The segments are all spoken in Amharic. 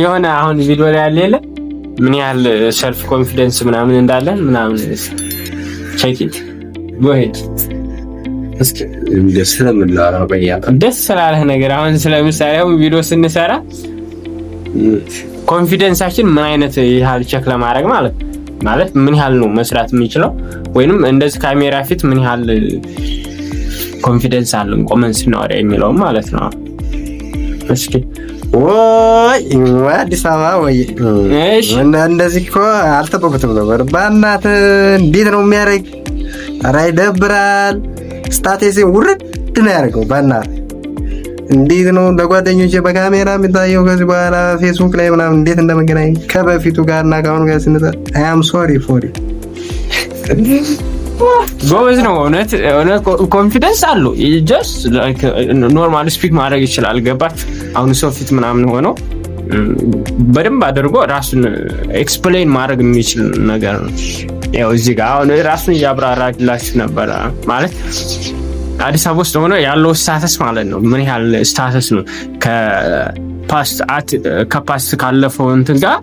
የሆነ አሁን ቪዲዮ ላይ ያለ የለ ምን ያህል ሰልፍ ኮንፊደንስ ምናምን እንዳለን ምናምን ቼክ ኢት ደስ ስላለህ ነገር አሁን ስለምሳሌ አሁን ቪዲዮ ስንሰራ ኮንፊደንሳችን ምን አይነት ያህል ቼክ ለማድረግ ማለት ማለት ምን ያህል ነው መስራት የምንችለው ወይንም እንደዚህ ካሜራ ፊት ምን ያህል ኮንፊደንስ አለን ቆመን ስናወራ የሚለውም ማለት ነው። እስኪ ወይ አዲስ አበባ ወይ እንደዚህ እኮ አልጠበቁትም ነበር። በእናት እንዴት ነው የሚያደርግ? ኧረ ይደብራል። ስታቴሴ ውርድ ነው ያደርገው። በእናት እንዴት ነው ለጓደኞቼ በካሜራ የሚታየው? ከዚህ በኋላ ፌስቡክ ላይ ምናምን እንዴት እንደመገናኝ ከበፊቱ ጋር እና ከአሁኑ ጋር ስንጠ አያም ሶሪ ፎሪ ጎበዝ ነው። እውነት ኮንፊደንስ አለው። ጀስት ኖርማል ስፒክ ማድረግ ይችላል። ገባት አሁን ሰው ፊት ምናምን ሆነው በደንብ አድርጎ ራሱን ኤክስፕሌን ማድረግ የሚችል ነገር ነው። ያው እዚህ ጋር አሁን ራሱን እያብራራላችሁ ነበረ ማለት አዲስ አበባ ውስጥ ሆነ ያለው ስታተስ ማለት ነው። ምን ያህል ስታተስ ነው ከፓስት ካለፈው እንትን ጋር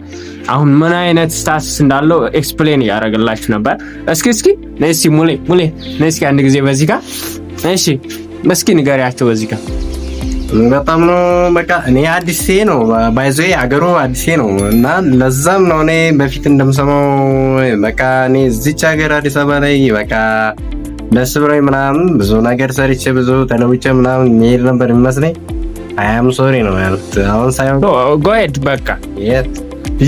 አሁን ምን አይነት ስታትስ እንዳለው ኤክስፕሌን እያደረግላችሁ ነበር። እስኪ እስኪ ነስ ሙሌ ሙሌ ነስ አንድ ጊዜ በዚህ ጋር እሺ፣ እስኪ ንገሪያቸው በዚህ ጋር በጣም ነው በቃ እኔ አዲሴ ነው ባይዞ አገሩ አዲሴ ነው እና ለዛም ነው እኔ በፊት እንደምሰማው በቃ እኔ እዚች ሀገር አዲስ አበባ ላይ በቃ ደስ ብሎኝ ምናምን ብዙ ነገር ሰርቼ ብዙ ተለውጬ ምናምን የሚሄድ ነበር የሚመስለኝ አያም ሶሪ ነው ያሉት። አሁን ሳይሆን ጎሄድ በቃ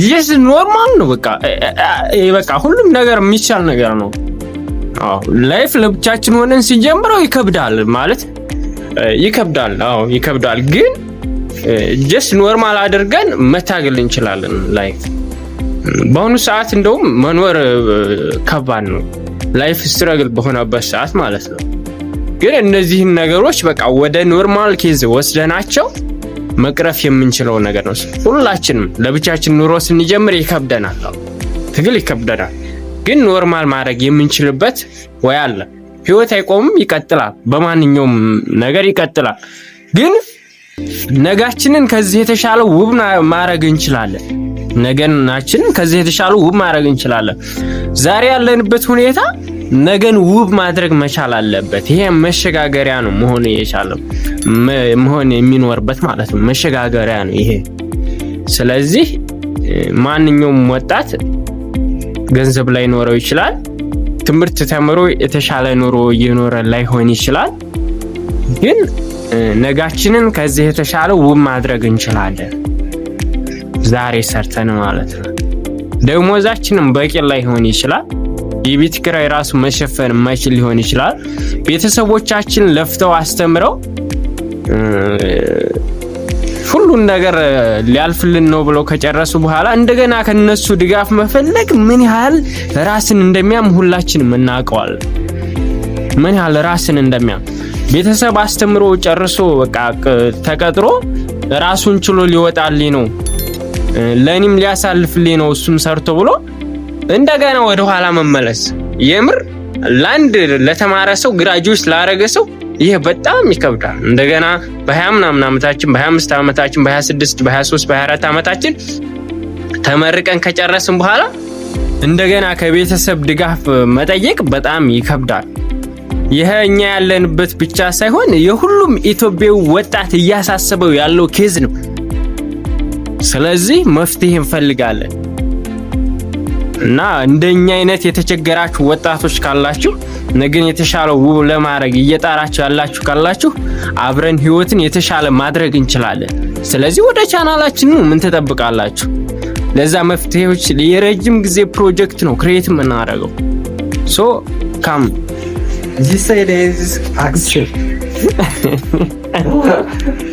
የስ ኖርማል ነው በቃ በቃ ሁሉም ነገር የሚቻል ነገር ነው። ላይፍ ለብቻችን ሆነን ሲጀምረው ይከብዳል ማለት ይከብዳል። አዎ ይከብዳል፣ ግን ጀስት ኖርማል አድርገን መታገል እንችላለን። ላይፍ በአሁኑ ሰዓት እንደውም መኖር ከባድ ነው። ላይፍ ስትረግል በሆነበት ሰዓት ማለት ነው። ግን እነዚህን ነገሮች በቃ ወደ ኖርማል ኬዝ ወስደናቸው መቅረፍ የምንችለው ነገር ነው። ሁላችንም ለብቻችን ኑሮ ስንጀምር ይከብደናል፣ ትግል ይከብደናል። ግን ኖርማል ማድረግ የምንችልበት ወይ አለ። ህይወት አይቆምም፣ ይቀጥላል። በማንኛውም ነገር ይቀጥላል። ግን ነጋችንን ከዚህ የተሻለ ውብ ማድረግ እንችላለን። ነገናችንን ከዚህ የተሻለ ውብ ማድረግ እንችላለን። ዛሬ ያለንበት ሁኔታ ነገን ውብ ማድረግ መቻል አለበት። ይሄ መሸጋገሪያ ነው መሆን የቻለው መሆን የሚኖርበት ማለት ነው። መሸጋገሪያ ነው ይሄ። ስለዚህ ማንኛውም ወጣት ገንዘብ ላይ ኖረው ይችላል። ትምህርት ተምሮ የተሻለ ኑሮ እየኖረ ላይሆን ይችላል። ግን ነጋችንን ከዚህ የተሻለ ውብ ማድረግ እንችላለን፣ ዛሬ ሰርተን ማለት ነው። ደግሞ ደሞዛችንም በቂ ላይሆን ይችላል። የቤት ኪራይ ራሱ መሸፈን የማይችል ሊሆን ይችላል። ቤተሰቦቻችን ለፍተው አስተምረው ሁሉን ነገር ሊያልፍልን ነው ብለው ከጨረሱ በኋላ እንደገና ከነሱ ድጋፍ መፈለግ ምን ያህል ራስን እንደሚያም ሁላችንም እናውቀዋለን። ምን ያህል ራስን እንደሚያም ቤተሰብ አስተምሮ ጨርሶ በቃ ተቀጥሮ ራሱን ችሎ ሊወጣልኝ ነው ለእኔም ሊያሳልፍልኝ ነው እሱም ሰርቶ ብሎ እንደገና ወደ ኋላ መመለስ የምር ለአንድ ለተማረ ሰው ግራጁዌት ላረገ ሰው ይህ በጣም ይከብዳል። እንደገና በሀያ ምናምን ዓመታችን በሀያ አምስት ዓመታችን በሀያ ስድስት በሀያ ሶስት በሀያ አራት ዓመታችን ተመርቀን ከጨረስን በኋላ እንደገና ከቤተሰብ ድጋፍ መጠየቅ በጣም ይከብዳል። ይህ እኛ ያለንበት ብቻ ሳይሆን የሁሉም ኢትዮጵያዊ ወጣት እያሳሰበው ያለው ኬዝ ነው። ስለዚህ መፍትሄ እንፈልጋለን። እና እንደኛ አይነት የተቸገራችሁ ወጣቶች ካላችሁ ነገን የተሻለ ውብ ለማድረግ እየጣራችሁ ያላችሁ ካላችሁ አብረን ህይወትን የተሻለ ማድረግ እንችላለን። ስለዚህ ወደ ቻናላችን ምን ትጠብቃላችሁ? ለዛ መፍትሄዎች የረጅም ጊዜ ፕሮጀክት ነው ክሬት የምናደርገው። ሶ ካም አክሽን